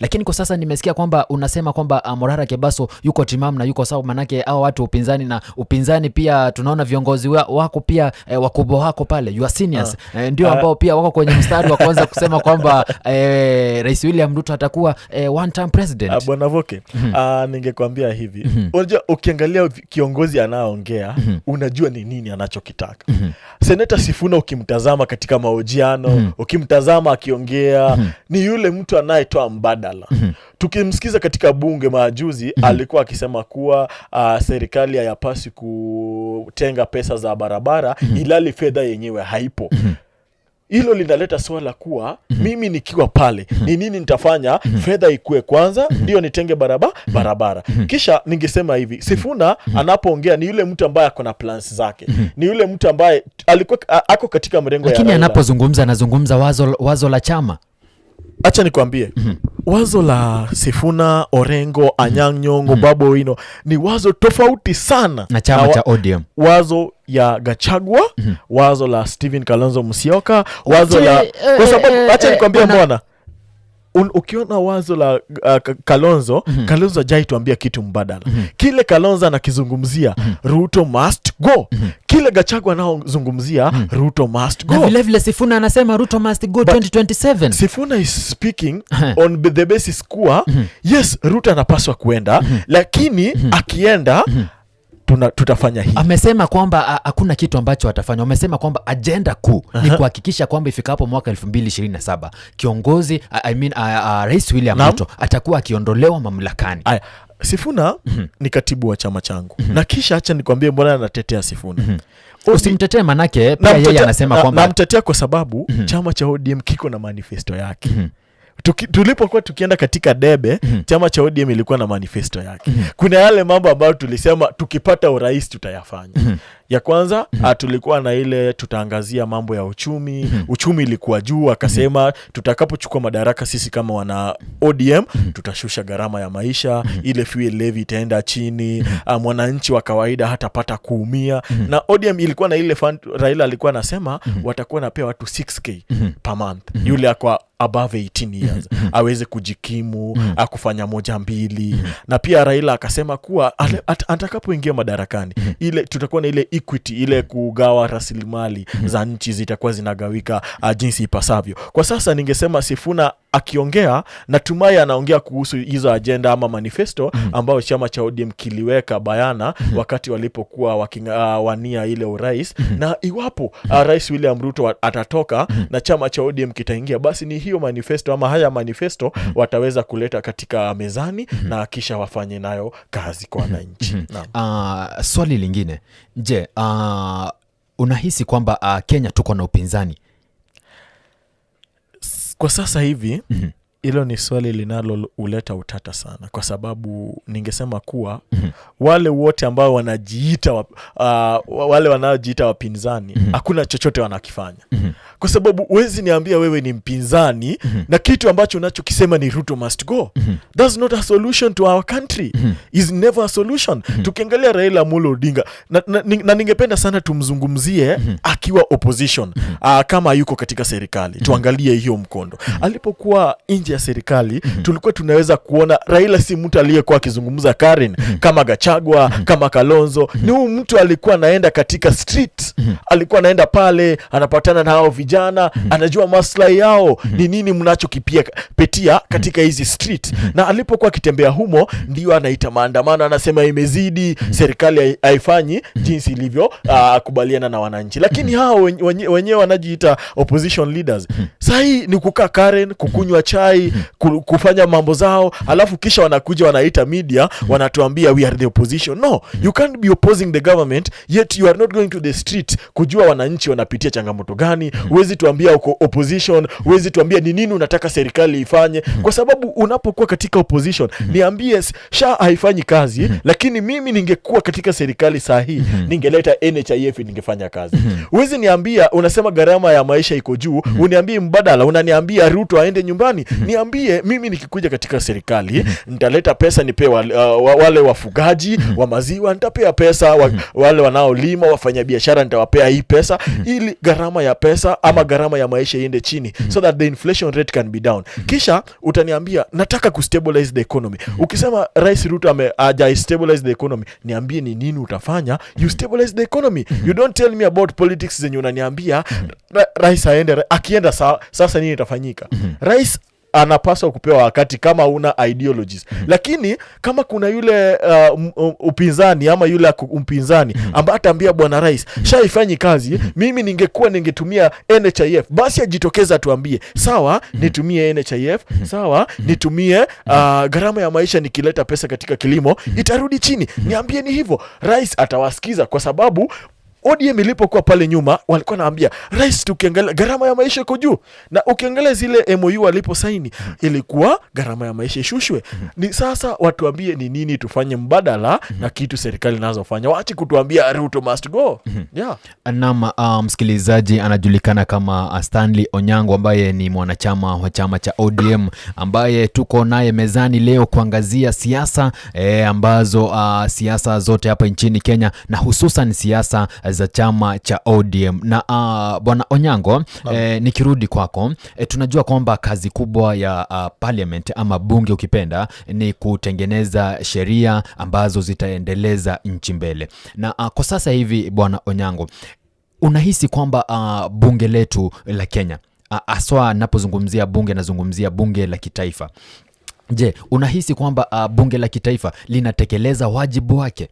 Lakini kwa sasa nimesikia kwamba unasema kwamba uh, Morara Kebaso yuko timamu na yuko sawa, manake hao watu upinzani na upinzani pia tunaona viongozi wa, wako pia eh, wakubwa wako pale your seniors uh, eh, ndio ah. ambao pia wako kwenye mstari wa kwanza kusema kwamba eh, Rais William Ruto atakuwa eh, one time president. Uh, bwana Voke mm -hmm. uh, ningekwambia hivi mm -hmm. unajua ukiangalia kiongozi anaoongea mm -hmm. unajua ni nini anachokitaka mm -hmm. Seneta Sifuna ukimtazama katika mahojiano mm -hmm. ukimtazama akiongea mm -hmm. ni yule mtu anayetoa mbada Makala mm -hmm. Tukimsikiza katika bunge majuzi mm -hmm. alikuwa akisema kuwa uh, serikali hayapasi kutenga pesa za barabara mm -hmm. ilali fedha yenyewe haipo mm -hmm hilo linaleta swala kuwa mm -hmm. mimi nikiwa pale mhm. ni mm -hmm. nini nitafanya? mm -hmm. fedha ikue kwanza, mm -hmm. ndio nitenge baraba mhm. barabara mm -hmm. Kisha ningesema hivi, mhm. Sifuna mm -hmm. anapoongea ni yule mtu ambaye ako na plans zake mm -hmm. ni yule mtu ambaye alikuwa ako katika mrengo, lakini anapozungumza anazungumza wazo, wazo la chama. Acha nikwambie mm -hmm wazo la Sifuna, Orengo, Anyang' Nyong'o, mm. babo Owino ni wazo tofauti sana na chama cha odium wazo ya Gachagua mm -hmm. wazo la Steven Kalonzo msioka wazo la eh, kwa sababu eh, acha eh, nikwambie mbona ukiona wazo la uh, Kalonzo mm -hmm. Kalonzo ajai tuambia kitu mbadala mm -hmm. Kile Kalonzo anakizungumzia mm -hmm. Ruto must go mm -hmm. Kile gachagu anaozungumzia mm -hmm. Ruto must go, na vile vile Sifuna anasema Ruto must go 2027. Sifuna is speaking on the basis kuwa mm -hmm. yes Ruto anapaswa kuenda mm -hmm. lakini mm -hmm. akienda mm -hmm tuna, tutafanya hii Amesema kwamba hakuna kitu ambacho atafanya. Amesema kwamba ajenda kuu ni kuhakikisha kwamba ifikapo mwaka 2027 kiongozi I mean, uh, uh, Rais William Ruto atakuwa akiondolewa mamlakani. Aya. Sifuna mm -hmm. ni katibu wa chama changu mm -hmm. na kisha acha nikwambie mbona anatetea Sifuna mm -hmm. usimtetee, manake pia yeye anasema kwamba namtetea kwa sababu mm -hmm. chama cha ODM kiko na manifesto yake mm -hmm tuki, tulipokuwa tukienda katika debe mm -hmm. chama cha ODM ilikuwa na manifesto yake mm -hmm. kuna yale mambo ambayo tulisema tukipata urahis tutayafanya mm -hmm ya kwanza mm -hmm. tulikuwa na ile tutaangazia mambo ya uchumi mm -hmm. uchumi ilikuwa juu akasema mm -hmm. tutakapochukua madaraka sisi kama wana ODM mm -hmm. tutashusha gharama ya maisha mm -hmm. ile fuel levy itaenda chini mm -hmm. mwananchi wa kawaida hatapata kuumia mm -hmm. na ODM ilikuwa na ile fund, Raila alikuwa anasema mm -hmm. watakuwa napea watu 6k mm -hmm. per month mm -hmm. yule akwa above 18 years mhm. Mhm. aweze kujikimu mhm. akufanya ah, moja mbili na pia Raila akasema kuwa atakapoingia madarakani ile tutakuwa na ile equity ile mm. kugawa rasilimali mm-hmm. za nchi zitakuwa zinagawika uh, jinsi ipasavyo. Kwa sasa ningesema Sifuna akiongea natumai anaongea kuhusu hizo ajenda ama manifesto mhm. ambayo chama cha ODM kiliweka bayana mhm. wakati walipokuwa wakiwania ah, uh, ile urais mhm. na iwapo uh, Rais William Ruto atatoka na chama cha ODM kitaingia, basi ni hiyo manifesto ama haya manifesto wataweza kuleta katika mezani na kisha wafanye nayo kazi kwa wananchi. Uh, swali lingine, je, uh, unahisi kwamba uh, Kenya tuko na upinzani kwa sasa hivi mm-hmm hilo ni swali linalouleta utata sana, kwa sababu ningesema kuwa mm-hmm. wale wote ambao wanajiita uh, wale wanaojiita wapinzani mm-hmm. hakuna chochote wanakifanya mm-hmm kwa sababu wezi niambia wewe ni mpinzani mm -hmm. na kitu ambacho unachokisema ni Ruto must go mm -hmm. that's not a solution to our country mm -hmm. is never a solution mm -hmm. tukiangalia Raila mulo Odinga na, na, na na ningependa sana tumzungumzie mm -hmm. akiwa opposition mm -hmm. aa, ah, kama yuko katika serikali mm -hmm. tuangalie hiyo mkondo mm -hmm. alipokuwa nje ya serikali mm -hmm. tulikuwa tunaweza kuona Raila si mtu aliyekuwa akizungumza Karen mm -hmm. kama gachagwa mm -hmm. kama Kalonzo mm -hmm. ni huu mtu alikuwa anaenda katika street mm -hmm. alikuwa anaenda pale anapatana na hao vijana vijana mm -hmm. anajua maslahi yao mm -hmm. ni nini mnachokipia petia katika mhm. hizi street mm -hmm. na alipokuwa akitembea humo ndio anaita maandamano, anasema imezidi mm -hmm. serikali haifanyi mm -hmm. jinsi ilivyo uh, kubaliana na wananchi, lakini mhm. hao wenyewe wenye wanajiita opposition leaders mm -hmm. saa ni kukaa Karen, kukunywa mhm. chai, kufanya mambo zao, alafu kisha wanakuja wanaita media wanatuambia we are the opposition. No, you can't be opposing the government yet you are not going to the street kujua wananchi wanapitia changamoto gani. mm -hmm huwezi tuambia uko opposition, huwezi tuambia ni nini unataka serikali ifanye, hmm. kwa sababu unapokuwa katika opposition, hmm. niambie sha haifanyi kazi, hmm. lakini mimi ningekuwa katika serikali saa hii ningeleta NHIF ningefanya kazi. Huwezi niambia unasema gharama ya maisha iko juu, uniambie mbadala, unaniambia Ruto aende nyumbani. Niambie mimi nikikuja katika serikali nitaleta pesa nipewa uh, wale, wafugaji wa maziwa nitapea pesa wale wanaolima wafanyabiashara nitawapea hii pesa ili gharama ya pesa ama gharama ya maisha iende chini mm -hmm. so that the inflation rate can be down mm -hmm. Kisha utaniambia nataka kustabilize the economy mm -hmm. Ukisema Rais Ruto haja stabilize the economy, niambie ni nini utafanya you stabilize the economy mm -hmm. You don't tell me about politics zenye unaniambia mm -hmm. Rais aende, akienda sa, sasa nini itafanyika? mm -hmm. Rais anapaswa kupewa wakati kama una ideologies mm -hmm. Lakini kama kuna yule uh, upinzani ama yule mpinzani mm -hmm. ambaye ataambia bwana rais mm -hmm. shaifanyi kazi mm -hmm. mimi ningekuwa ningetumia NHIF, basi ajitokeza tuambie sawa mm -hmm. nitumie NHIF mhm. sawa mm -hmm. nitumie mhm. uh, gharama ya maisha, nikileta pesa katika kilimo mm -hmm. itarudi chini mm -hmm. niambie ni hivyo, rais atawasikiza kwa sababu ODM ilipokuwa pale nyuma walikuwa naambia rais, tukiangalia gharama ya maisha iko juu, na ukiangalia zile MOU saini mhm. ilikuwa gharama ya maisha ishushwe. Mhm. Ni sasa watuambie ni nini tufanye mbadala mhm. na kitu serikali nazofanya, waache kutuambia Ruto must go. Yeah. Anama, uh, msikilizaji anajulikana kama ah, Stanley Onyango ambaye ni mwanachama wa chama cha ODM ambaye tuko naye mezani leo kuangazia siasa eh, ambazo uh, siasa zote hapa nchini Kenya na hususan siasa za chama cha ODM. Na uh, bwana Onyango eh, nikirudi kwako eh, tunajua kwamba kazi kubwa ya uh, parliament ama bunge ukipenda ni kutengeneza sheria ambazo zitaendeleza nchi mbele. Na uh, kwa sasa hivi bwana Onyango unahisi kwamba uh, bunge letu la Kenya aswa napozungumzia bunge nazungumzia bunge la kitaifa. Je, unahisi kwamba uh, bunge la kitaifa linatekeleza wajibu wake?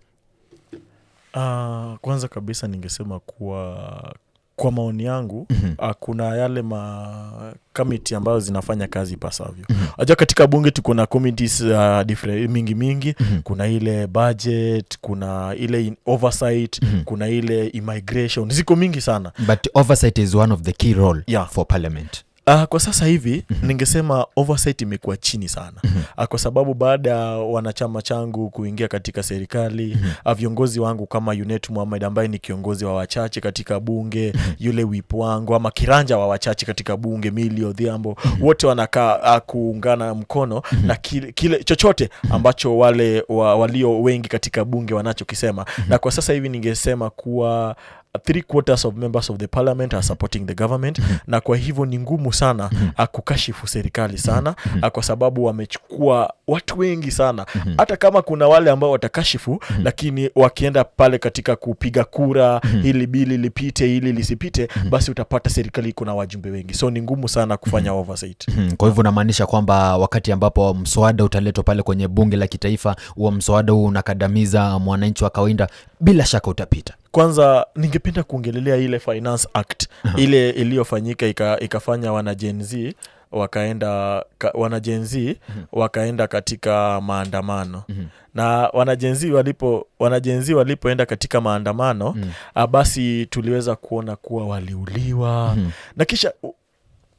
Uh, kwanza kabisa ningesema kuwa kwa maoni yangu mm-hmm. kuna yale makamiti ambayo zinafanya kazi ipasavyo mm-hmm. aja katika bunge tuko na uh, different, mingi mingi mm-hmm. kuna ile budget kuna ile oversight mm-hmm. kuna ile immigration ziko mingi sana but oversight is one of the key role yeah. for parliament Uh, kwa sasa hivi mm -hmm. Ningesema oversight imekuwa chini sana mm -hmm. Kwa sababu baada ya wanachama changu kuingia katika serikali mm -hmm. Viongozi wangu kama unet Mohamed ambaye ni kiongozi wa wachache katika bunge mm -hmm. Yule wipu wangu ama kiranja wa wachache katika bunge Millie Odhiambo mm -hmm. Wote wanakaa kuungana mkono mm -hmm. na kile, kile chochote mhm. ambacho wale wa, walio wengi katika bunge wanachokisema mm -hmm. Na kwa sasa hivi ningesema kuwa three quarters of members of the parliament are supporting the government mm-hmm. na kwa hivyo ni ngumu sana mm-hmm. akukashifu ah, serikali sana mm-hmm. ah, kwa sababu wamechukua watu wengi sana hata kama kuna wale ambao watakashifu lakini wakienda pale katika kupiga kura hili bili lipite hili lisipite basi utapata serikali iko na wajumbe wengi so ni ngumu sana kufanya oversight kwa hivyo unamaanisha kwamba wakati ambapo mswada utaletwa pale kwenye bunge la kitaifa huo mswada huu unakadamiza mwananchi wa kawaida bila shaka utapita kwanza ningependa kuongelelea ile finance act uh-huh. ile iliyofanyika ika, ikafanya wana Gen wakaenda ka, wana Gen Z mhm. wakaenda katika maandamano uh-huh. na wanajenzi walipo wanajenzi walipoenda katika maandamano uh-huh. basi tuliweza kuona kuwa waliuliwa uh-huh. na kisha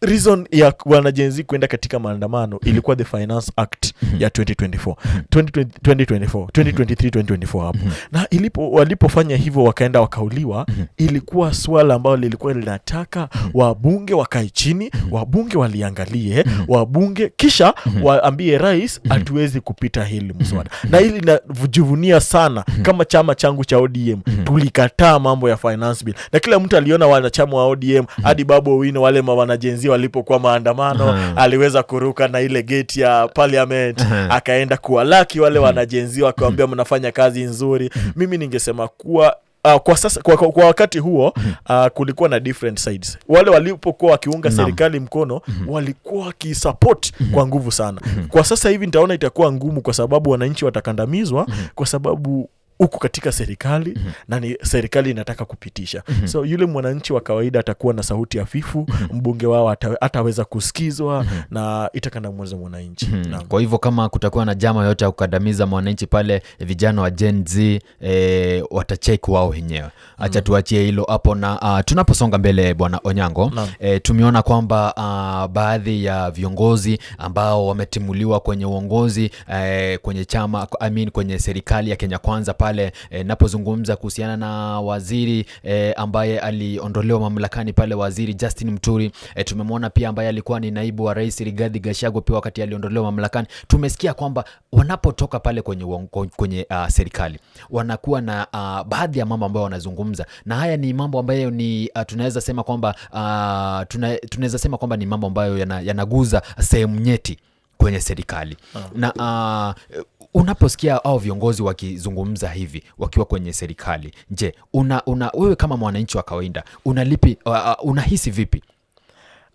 reason ya wanajenzi Gen kuenda katika maandamano mhm. ilikuwa the Finance Act mhm. ya 2024 2024 2023 2024 na ilipo, walipofanya hivyo wakaenda wakauliwa, mhm. ilikuwa swala ambalo lilikuwa linataka wabunge wakae chini, wabunge waliangalie, wabunge kisha waambie rais, hatuwezi kupita hili mswada. Na hili linajivunia sana, kama chama changu cha ODM tulikataa mambo ya finance bill, na kila mtu aliona wanachama wa ODM hadi Babu Owino wale wana walipokuwa maandamano uh-huh. aliweza kuruka na ile geti ya parliament uh-huh. akaenda kuwalaki wale wanajenziwa uh-huh. mnafanya kazi nzuri uh-huh. mimi ningesema kuwa Uh, kwa, sasa, kwa, kwa wakati huo uh, kulikuwa na different sides. Wale walipokuwa wakiunga serikali mkono walikuwa wakisupport kwa nguvu sana. Kwa sasa hivi nitaona itakuwa ngumu, kwa sababu wananchi watakandamizwa, kwa sababu huku katika serikali mm -hmm. na ni serikali inataka kupitisha mm -hmm. so yule mwananchi wa kawaida atakuwa na sauti hafifu mm -hmm. mbunge wao ataweza kusikizwa mm -hmm. na itakana mwananchi mm -hmm. kwa hivyo kama kutakuwa na jama yote ya kukandamiza mwananchi pale eh, vijana wa Gen Z eh, watacheki wao wenyewe mhm. acha mm -hmm. tuachie hilo hapo na uh, tunaposonga mbele bwana Onyango eh, tumeona kwamba uh, baadhi ya viongozi ambao wametimuliwa kwenye uongozi eh, kwenye chama I mean, kwenye serikali ya Kenya Kwanza pale pale e, napozungumza kuhusiana na waziri e, ambaye aliondolewa mamlakani pale, waziri Justin Muturi e, tumemwona pia ambaye alikuwa ni naibu wa rais Rigathi Gachagua pia wakati aliondolewa mamlakani, tumesikia kwamba wanapotoka pale kwenye, kwenye uh, serikali wanakuwa na uh, baadhi ya mambo ambayo wanazungumza, na haya ni mambo ambayo ni uh, tunaweza sema kwamba uh, tuna, tunaweza sema kwamba ni mambo ambayo yanaguza yana sehemu nyeti kwenye serikali -huh. na uh, unaposikia au viongozi wakizungumza hivi wakiwa kwenye serikali, je, una, una wewe kama mwananchi wa kawaida unalipi uh, uh, unahisi vipi?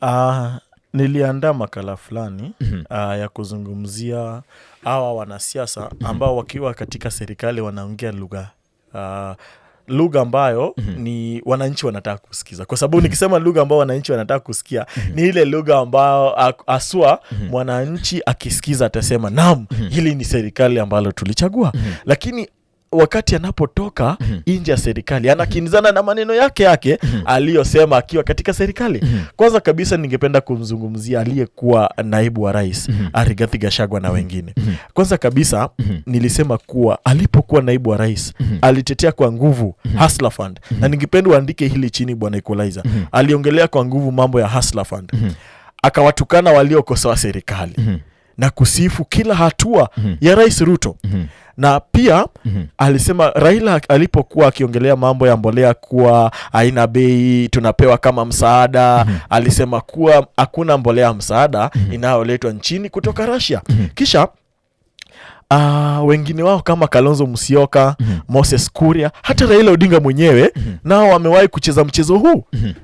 Uh, niliandaa makala fulani mm -hmm. uh, ya kuzungumzia hawa wanasiasa mhm. ambao wakiwa katika serikali wanaongea lugha uh, lugha ambayo mm -hmm. ni wananchi wanataka kusikiza, kwa sababu mm -hmm. nikisema lugha ambayo wananchi wanataka kusikia mm -hmm. ni ile lugha ambayo aswa mm -hmm. mwananchi akisikiza atasema nam mm -hmm. hili ni serikali ambalo tulichagua mm -hmm. lakini wakati anapotoka mm -hmm. nje ya serikali anakinzana na maneno yake yake mm -hmm. aliyosema akiwa katika serikali mm -hmm. Kwanza kabisa ningependa kumzungumzia aliyekuwa naibu wa rais mm -hmm. na mhm. wengine mm -hmm. Kwanza kabisa mm -hmm. nilisema kuwa alipokuwa naibu wa rais mm -hmm. alitetea kwa nguvu mm -hmm. Fund mm -hmm. na ningependa uandike hili chini, bwana Equalizer mm -hmm. aliongelea kwa nguvu mambo ya hasla Fund mm -hmm. akawatukana waliokosoa serikali mm -hmm. na kusifu kila hatua mm -hmm. ya Rais Ruto mm -hmm na pia mm -hmm. Alisema Raila alipokuwa akiongelea mambo ya mbolea kuwa aina bei, tunapewa kama msaada mm -hmm. Alisema kuwa hakuna mbolea msaada mm -hmm. inayoletwa nchini kutoka mhm. rasia mm -hmm. kisha Uh, wengine wao kama Kalonzo musioka mm -hmm. Moses Kuria, hata Raila Odinga mwenyewe mm -hmm. nao wamewahi kucheza mchezo huu mm -hmm.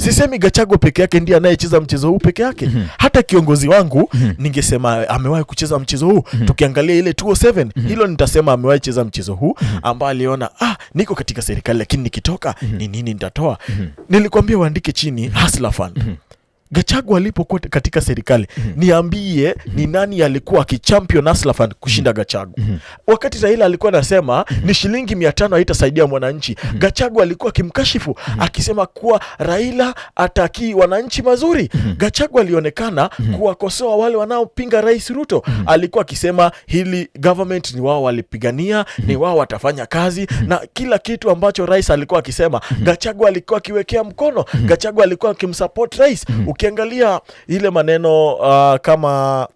Sisemi Gachagua peke yake ndiye anayecheza mchezo huu peke yake. mm -hmm. Hata kiongozi wangu mm -hmm. ningesema amewahi kucheza mchezo huu mm -hmm. tukiangalia ile 207 mm -hmm. hilo nitasema amewahi cheza mchezo huu mm -hmm. ambaye aliona ah, niko katika serikali lakini nikitoka mhm. ni mm -hmm. nini nitatoa? mm -hmm. Nilikwambia uandike chini mm -hmm. Haslafan mm -hmm. Gachagu alipokuwa katika serikali mm -hmm. niambie mm -hmm. ni mhm. nani alikuwa akichampion Aslafan kushinda mm-hmm. Gachagu mm -hmm. wakati Raila alikuwa anasema mm -hmm. ni shilingi mia tano haitasaidia mwananchi mm -hmm. Gachagu alikuwa akimkashifu mm -hmm. akisema kuwa Raila atakii wananchi mazuri mm -hmm. Gachagu alionekana mm -hmm. kuwakosoa wale wanaopinga Rais Ruto mm -hmm. alikuwa akisema hili government ni wao walipigania mm -hmm. ni wao watafanya kazi mm -hmm. na kila kitu ambacho rais alikuwa akisema mm -hmm. Gachagu alikuwa akiwekea mkono mm -hmm. Gachagu alikuwa akimsupport rais mm -hmm ukiangalia ile maneno uh, kama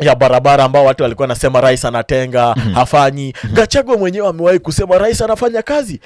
ya barabara ambao watu walikuwa nasema rais anatenga, mm -hmm. hafanyi. mm -hmm. gachagwa mwenyewe amewahi kusema rais anafanya kazi,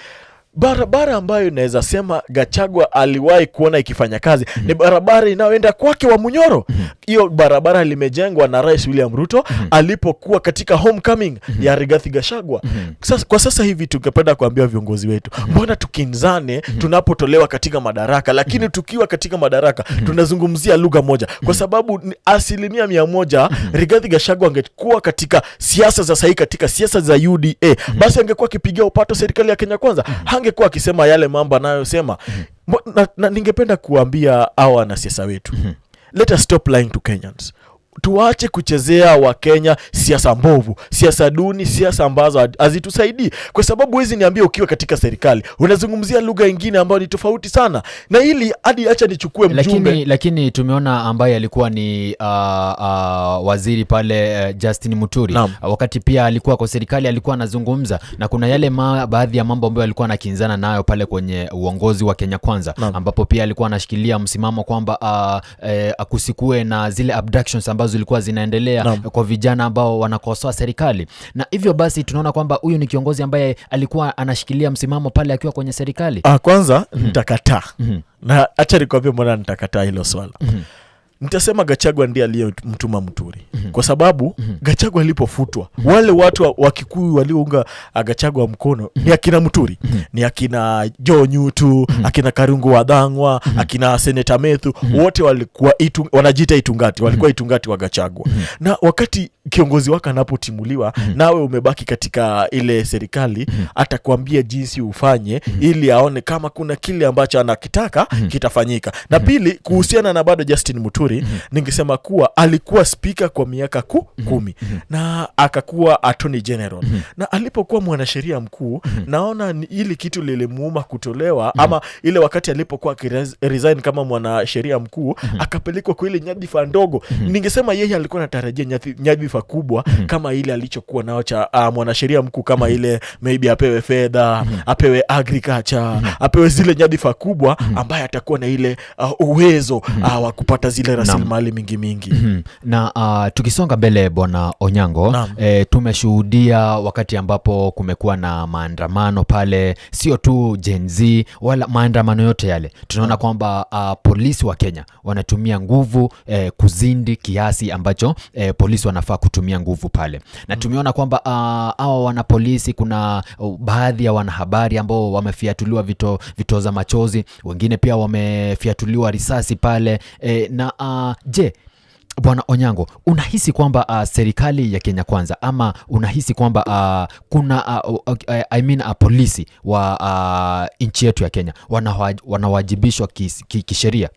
barabara ambayo inaweza sema Gachagua aliwahi kuona ikifanya kazi mm -hmm. ni barabara inayoenda kwake wa Munyoro mhm. hiyo mm -hmm. barabara limejengwa na Rais William Ruto mm -hmm. alipokuwa katika homecoming mm -hmm. ya Rigathi Gachagua mm -hmm. Sasa, kwa sasa hivi tungependa kuambia viongozi wetu mhm. mbona mm -hmm. tukinzane mm -hmm. tunapotolewa katika madaraka lakini mm -hmm. tukiwa katika madaraka mm -hmm. tunazungumzia lugha moja kwa mhm. sababu asilimia mia moja mm -hmm. Rigathi Gachagua angekuwa katika siasa za sahii, katika siasa za UDA mm -hmm. basi angekuwa akipigia upato serikali ya Kenya kwanza mm -hmm angekuwa akisema yale mambo anayosema mm -hmm. na, na ningependa kuambia hawa wanasiasa wetu mm -hmm. Let us stop lying to Kenyans tuache kuchezea Wakenya siasa mbovu, siasa duni, siasa ambazo hazitusaidii, kwa sababu hizi niambia, ukiwa katika serikali unazungumzia lugha ingine ambayo ni tofauti sana na hili. Hadi acha nichukue mjumbe lakini, lakini tumeona ambaye alikuwa ni uh, uh, waziri pale uh, Justin Muturi uh, wakati pia alikuwa kwa serikali alikuwa anazungumza, na kuna yale ma, baadhi ya mambo ambayo alikuwa anakinzana nayo pale kwenye uongozi wa Kenya Kwanza Naam. ambapo pia alikuwa anashikilia msimamo kwamba uh, uh, eh, kusikue na zile abductions ambazo ambazo zilikuwa zinaendelea no. kwa vijana ambao wanakosoa serikali, na hivyo basi tunaona kwamba huyu ni kiongozi ambaye alikuwa anashikilia msimamo pale akiwa kwenye serikali. Ah, kwanza mm -hmm. nitakataa mm -hmm. na acha nikwambie mbona nitakataa hilo swala mm -hmm. Nitasema Gachagua ndiye aliyemtuma mturi mm -hmm. kwa sababu mm -hmm. gachagwa alipofutwa mm -hmm. wale watu wa Kikuyu waliounga ah, Gachagua mkono mm -hmm. ni akina mturi mm -hmm. ni akina Joe Nyutu mm -hmm. akina Karungu Wadhangwa mm -hmm. akina Seneta Methu mm -hmm. wote walikuwa itu, wanajita Itungati, walikuwa mhm. Itungati wa gachagwa mm -hmm. na wakati kiongozi wake anapotimuliwa mm -hmm. nawe umebaki katika ile serikali mm -hmm. atakwambia jinsi ufanye mm -hmm. ili aone kama kuna kile ambacho anakitaka mm -hmm. kitafanyika na mhm. pili kuhusiana na bado Justin Muturi vizuri mm -hmm. ningesema kuwa alikuwa spika kwa miaka ku, mm -hmm. kumi mm -hmm. na akakuwa attorney general mm -hmm. na alipokuwa mwanasheria mkuu mm -hmm. naona ili kitu lilimuuma kutolewa mm -hmm. ama ile wakati alipokuwa akiresign kama mwanasheria mkuu mm -hmm. akapelekwa kwa ile nyadhifa ndogo mm -hmm. ningesema yeye alikuwa anatarajia nyadhifa kubwa mm -hmm. kama ile alichokuwa nao cha uh, mwanasheria mkuu kama mm -hmm. ile maybe apewe fedha mm -hmm. apewe agriculture mm -hmm. apewe zile nyadhifa kubwa mm-hmm. ambaye atakuwa na ile uh, uwezo mm-hmm. uh, wa kupata zile rasilimali mingi mingi. mm -hmm. na uh, tukisonga mbele bwana Onyango e, tumeshuhudia wakati ambapo kumekuwa na maandamano pale, sio tu jenz wala maandamano yote yale, tunaona kwamba uh, polisi wa Kenya wanatumia nguvu eh, kuzindi kiasi ambacho eh, polisi wanafaa kutumia nguvu pale, na mm. tumeona kwamba ah, awa uh, wanapolisi, kuna uh, baadhi ya wanahabari ambao wamefiatuliwa vito, vitoza machozi, wengine pia wamefiatuliwa risasi pale eh, na uh, uh, je Bwana Onyango, unahisi kwamba uh, serikali ya Kenya Kwanza ama unahisi kwamba uh, kuna uh, uh, I mean, uh, polisi wa uh, nchi yetu ya Kenya wanawajibishwa kisheria?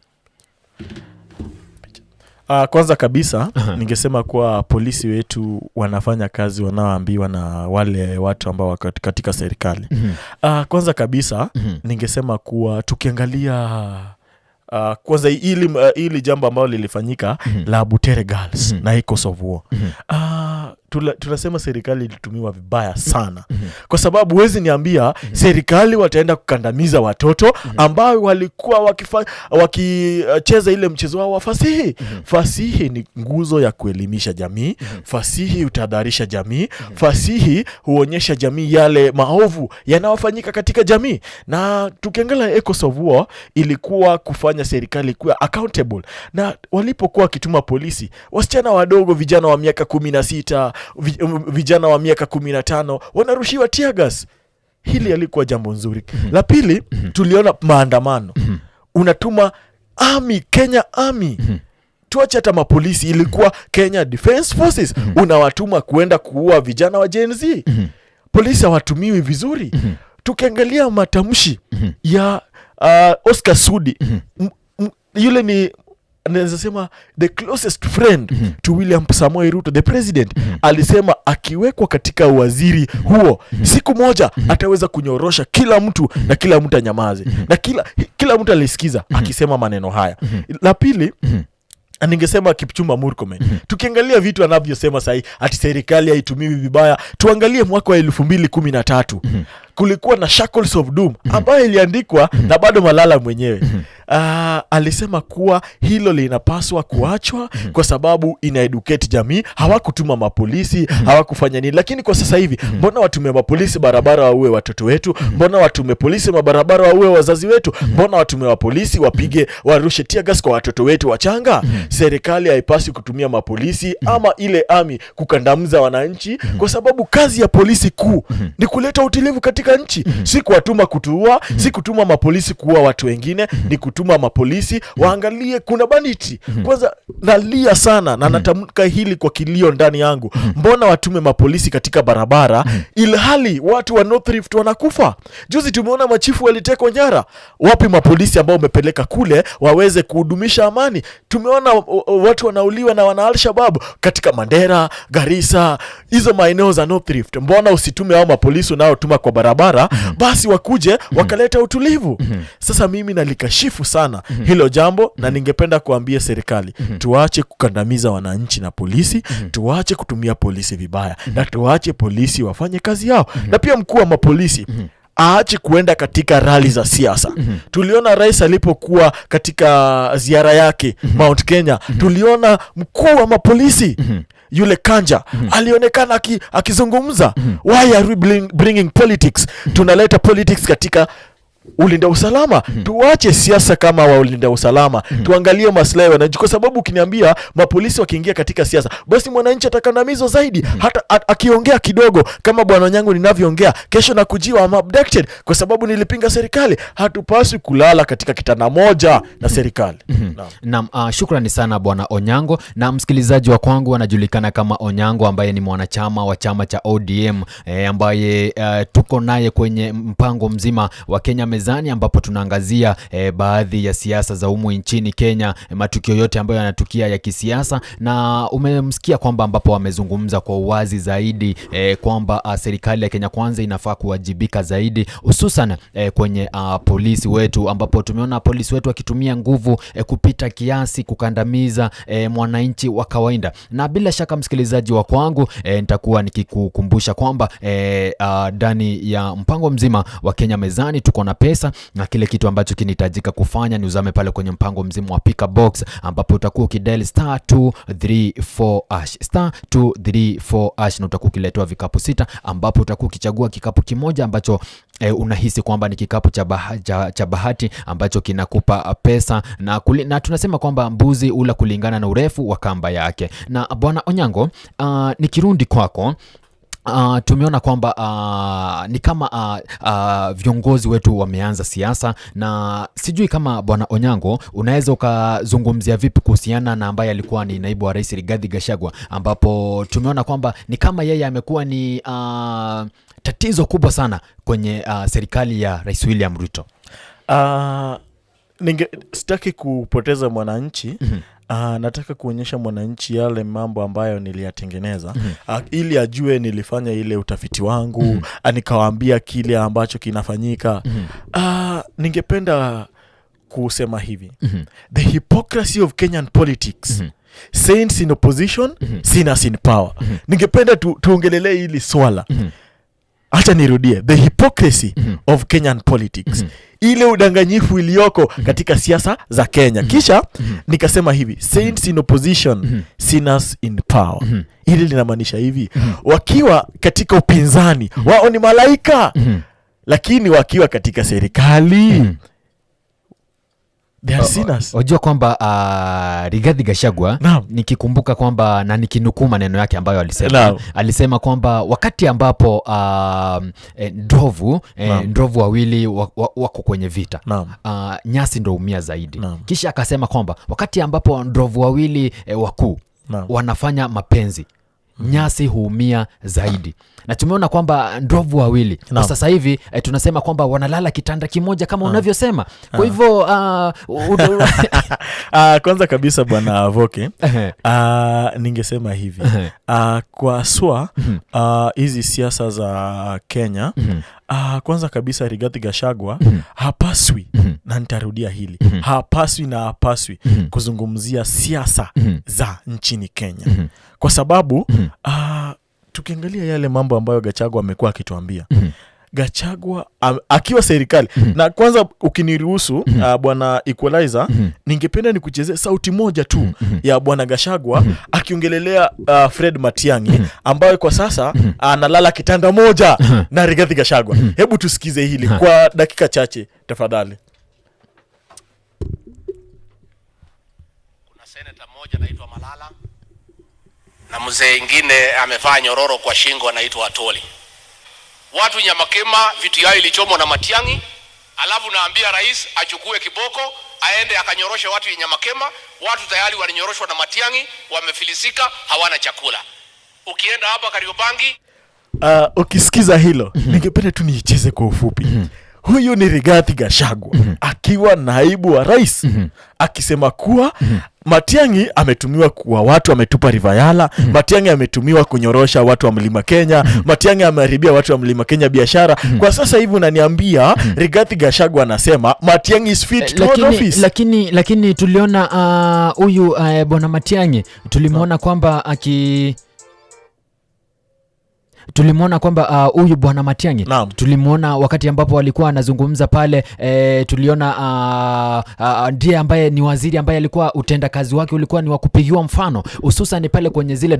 Uh, kwanza kabisa uh -huh. Ningesema kuwa polisi wetu wanafanya kazi wanaoambiwa na wale watu ambao wako katika serikali uh -huh. Uh, kwanza kabisa uh mhm. -huh. Ningesema kuwa tukiangalia uh, kwanza ili, uh, ili jambo ambalo lilifanyika mm -hmm. la Butere Girls mm -hmm. na ecos of War mm -hmm. uh, tula, tunasema serikali ilitumiwa vibaya mm-hmm. sana mm -hmm. kwa sababu huwezi niambia mm -hmm. serikali wataenda kukandamiza watoto mm -hmm. ambao walikuwa wakicheza ile mchezo wao wa fasihi mm -hmm. fasihi ni nguzo ya kuelimisha jamii mm -hmm. fasihi hutahadharisha jamii mm -hmm. fasihi huonyesha jamii yale maovu yanayofanyika katika jamii, na tukiangala Echoes ilikuwa kufanya serikali kuwa accountable, na walipokuwa wakituma polisi, wasichana wadogo, vijana wa miaka kumi na sita Um, vijana wa miaka kumi na tano wanarushiwa tiagas. Hili alikuwa jambo nzuri. mm -hmm. La pili, mm -hmm. tuliona maandamano. mm -hmm. unatuma ami Kenya ami mm -hmm. Tuache hata mapolisi, ilikuwa mhm. Kenya defense Forces. mm -hmm. Unawatuma kuenda kuua vijana wa jnz mm -hmm. Polisi hawatumiwi vizuri. mm -hmm. Tukiangalia matamshi mm -hmm. ya uh, Oscar Sudi mm -hmm. yule ni anaezasema sema the closest friend mm -hmm. to William Samoei Ruto the president mm -hmm. alisema akiwekwa katika waziri huo mm -hmm. siku moja mm -hmm. ataweza kunyorosha kila mtu mm -hmm. na kila mtu anyamaze mm -hmm. na kila, kila mtu alisikiza mm -hmm. akisema maneno haya mm -hmm. la pili mm -hmm. Ningesema Kipchumba murkome mm -hmm. Tukiangalia vitu anavyosema sahii ati serikali haitumiwi vibaya, tuangalie mwaka wa elfu mbili kumi na tatu. mm -hmm kulikuwa na Shackles of Doom mhm. ambayo iliandikwa mhm. na bado Malala mwenyewe uh, alisema kuwa hilo linapaswa kuachwa kwa sababu ina educate jamii. Hawakutuma mapolisi, hawakufanya nini, lakini kwa sasa hivi mbona watume mapolisi barabara waue watoto wetu? Mbona watume polisi mabarabara waue wazazi wetu? Mbona watume wapolisi wapige, warushe tiagas kwa watoto wetu wachanga? Serikali haipaswi kutumia mapolisi ama ile ami kukandamza wananchi, kwa sababu kazi ya polisi kuu ni kuleta utulivu katika katika nchi mm -hmm. si kuwatuma kutuua mm -hmm. si kutuma mapolisi kuua watu wengine mm -hmm. ni kutuma mapolisi mm -hmm. waangalie kuna baniti mm -hmm. Kwanza nalia sana na mhm. natamka hili kwa kilio ndani yangu mm -hmm. mbona watume mapolisi katika barabara mm -hmm. ilhali watu wa North Rift wanakufa? Juzi tumeona machifu walitekwa nyara. Wapi mapolisi ambao umepeleka kule waweze kuhudumisha amani? Tumeona watu wanauliwa na wana Alshabab katika Mandera, Garissa, hizo maeneo za North Rift. Mbona usitume hao mapolisi unaotuma kwa barabara barabara mm -hmm. basi wakuje mm -hmm. wakaleta utulivu mm -hmm. Sasa mimi nalikashifu sana mm -hmm. hilo jambo mm -hmm. na mhm. ningependa kuambia serikali mm -hmm. tuache kukandamiza wananchi na polisi mm -hmm. tuache kutumia polisi vibaya mm -hmm. na tuache polisi wafanye kazi yao mm -hmm. na pia mkuu wa mapolisi mm -hmm aache kuenda katika rali za siasa. mm -hmm. Tuliona rais alipokuwa katika ziara yake mm -hmm. Mount Kenya mm -hmm. tuliona mkuu wa mapolisi mm -hmm yule Kanja mm -hmm. alionekana aki, akizungumza mm -hmm. why are we bring, bringing politics mm -hmm. tunaleta politics katika ulinda usalama mm -hmm. Tuache siasa kama waulinda usalama mm -hmm. Tuangalie maslahi wananchi, kwa sababu ukiniambia mapolisi wakiingia katika siasa, basi mwananchi atakandamizwa zaidi mm -hmm. Hata akiongea kidogo kama bwana wanyangu ninavyoongea, kesho kujiwa I'm abducted kwa sababu nilipinga serikali. Hatupaswi kulala katika kitanda moja na mhm. serikali mm -hmm. Naam na, uh, ah, shukrani sana bwana Onyango na msikilizaji wa kwangu anajulikana kama Onyango ambaye ni mwanachama wa chama cha ODM eh, ambaye uh, tuko naye kwenye mpango mzima wa Kenya mezani ambapo tunaangazia e, baadhi ya siasa za umu nchini Kenya, eh, matukio yote ambayo yanatukia ya kisiasa, na umemsikia kwamba ambapo wamezungumza kwa uwazi zaidi e, kwamba ah, serikali ya Kenya Kwanza inafaa kuwajibika zaidi hususan e, kwenye a, ah, polisi wetu ambapo tumeona polisi wetu wakitumia nguvu e, kupita kiasi kukandamiza e, mwananchi wa kawaida. Na bila shaka msikilizaji wa kwangu e, nitakuwa nikikukumbusha kwamba e, a, ah, ndani ya mpango mzima wa Kenya Mezani tuko na pesa, na kile kitu ambacho kinahitajika kufanya ni uzame pale kwenye mpango mzima wa pick box, ambapo utakuwa ukidial star 234 ash star 234 ash na utakuwa ukiletewa vikapu sita, ambapo utakuwa ukichagua kikapu kimoja ambacho E, unahisi kwamba ni kikapu cha, cha, bahati ambacho kinakupa uh, pesa na, na tunasema kwamba mbuzi ula kulingana na urefu wa kamba yake. Na Bwana Onyango, uh, ni kirundi kwako. Uh, tumeona kwamba uh, ni kama uh, uh, viongozi wetu wameanza siasa, na sijui kama Bwana Onyango unaweza ukazungumzia vipi kuhusiana na ambaye alikuwa ni naibu wa rais Rigathi Gachagua, ambapo tumeona kwamba ni kama yeye amekuwa ni uh, tatizo kubwa sana kwenye uh, serikali ya Rais William Ruto. Uh, ninge sitaki kupoteza mwananchi mm -hmm. Uh, nataka kuonyesha mwananchi yale mambo ambayo niliyatengeneza mm -hmm. uh, ili ajue nilifanya ile utafiti wangu mm -hmm. uh, nikawaambia kile ambacho kinafanyika mm -hmm. uh, ningependa kusema hivi mm -hmm. the hypocrisy of Kenyan politics mm -hmm. Saints in opposition mm -hmm. sinners in power mm -hmm. ningependa tu, tuongelelee hili swala mm -hmm. Acha nirudie the hypocrisy mm -hmm. of Kenyan politics mm -hmm ile udanganyifu iliyoko mm -hmm. katika siasa za Kenya. Mhm. Kisha mm -hmm. nikasema hivi saints in opposition mm -hmm. sinners in power mm -hmm. linamaanisha hivi mm -hmm. wakiwa katika upinzani mm -hmm. wao ni malaika mm -hmm. lakini wakiwa katika serikali mm -hmm Wajua oh, oh, kwamba uh, ah, gashagwa Gachagua nikikumbuka kwamba na nikinukuu maneno yake ambayo alisema Naam. alisema kwamba wakati ambapo uh, eh, ndovu eh, ndovu wawili wako wa, wa kwenye vita uh, nyasi ndo umia zaidi Naam. kisha akasema kwamba wakati ambapo ndovu wawili eh, wakuu wanafanya mapenzi nyasi huumia zaidi na tumeona kwamba ndovu wawili no. sasa hivi eh, tunasema kwamba wanalala kitanda kimoja kama unavyosema kwa ah. hivyo uh, udu... uh, kwanza kabisa bwana voke Ehe. Ah, ningesema hivi Ehe. Ah, kwa swa mhm. ah, hizi siasa za kenya mhm uh, kwanza kabisa Rigathi gashagwa mm-hmm. hapaswi mm-hmm. na nitarudia hili mm-hmm. hapaswi na hapaswi mm-hmm. kuzungumzia siasa mm-hmm. za nchini Kenya mm-hmm. kwa sababu mm-hmm. uh, tukiangalia yale mambo ambayo gachagwa amekuwa akituambia mm-hmm gachagwa um, akiwa serikali mm -hmm. na kwanza ukiniruhusu mm -hmm. uh, bwana Equalizer mm -hmm. ningependa nikuchezee sauti moja tu mm -hmm. ya bwana gashagwa mm -hmm. akiongelelea uh, Fred Matiang'i mm -hmm. ambaye kwa sasa mhm. analala uh, kitanda moja mm -hmm. na Rigathi gashagwa mm -hmm. hebu tusikize hili ha. Mhm. kwa dakika chache tafadhali. Kuna mmoja anaitwa Malala na mzee ingine amevaa nyororo kwa shingo anaitwa Atoli watu Nyamakema vitu yao ilichomwa na Matiangi, alafu naambia rais achukue kiboko aende akanyoroshe watu Nyamakema. Watu tayari walinyoroshwa na Matiangi, wamefilisika, hawana chakula. Ukienda hapa Kariobangi, uh, ukisikiza hilo mm -hmm. ningependa tu niicheze kwa ufupi mm -hmm. Huyu ni Rigathi Gachagua mm -hmm. akiwa naibu wa rais mm -hmm. akisema kuwa mm -hmm. Matiang'i ametumiwa kuwa watu, ametupa Rivayala. mm -hmm. Matiang'i ametumiwa kunyorosha watu wa mlima Kenya. mm -hmm. Matiang'i ameharibia watu wa mlima Kenya biashara. mm -hmm. Kwa sasa hivi unaniambia, mm -hmm. Rigathi Gachagua anasema Matiang'i is fit to eh, office, lakini lakini tuliona ah, huyu uh, uh, bwana Matiang'i tulimwona no. kwamba aki tulimwona kwamba ah, huyu uh, bwana Matiang'i tulimwona wakati ambapo alikuwa anazungumza pale e, tuliona uh, uh, ndiye ambaye ni waziri ambaye alikuwa utendakazi wake ulikuwa ni wa kupigiwa mfano hususan pale kwenye zile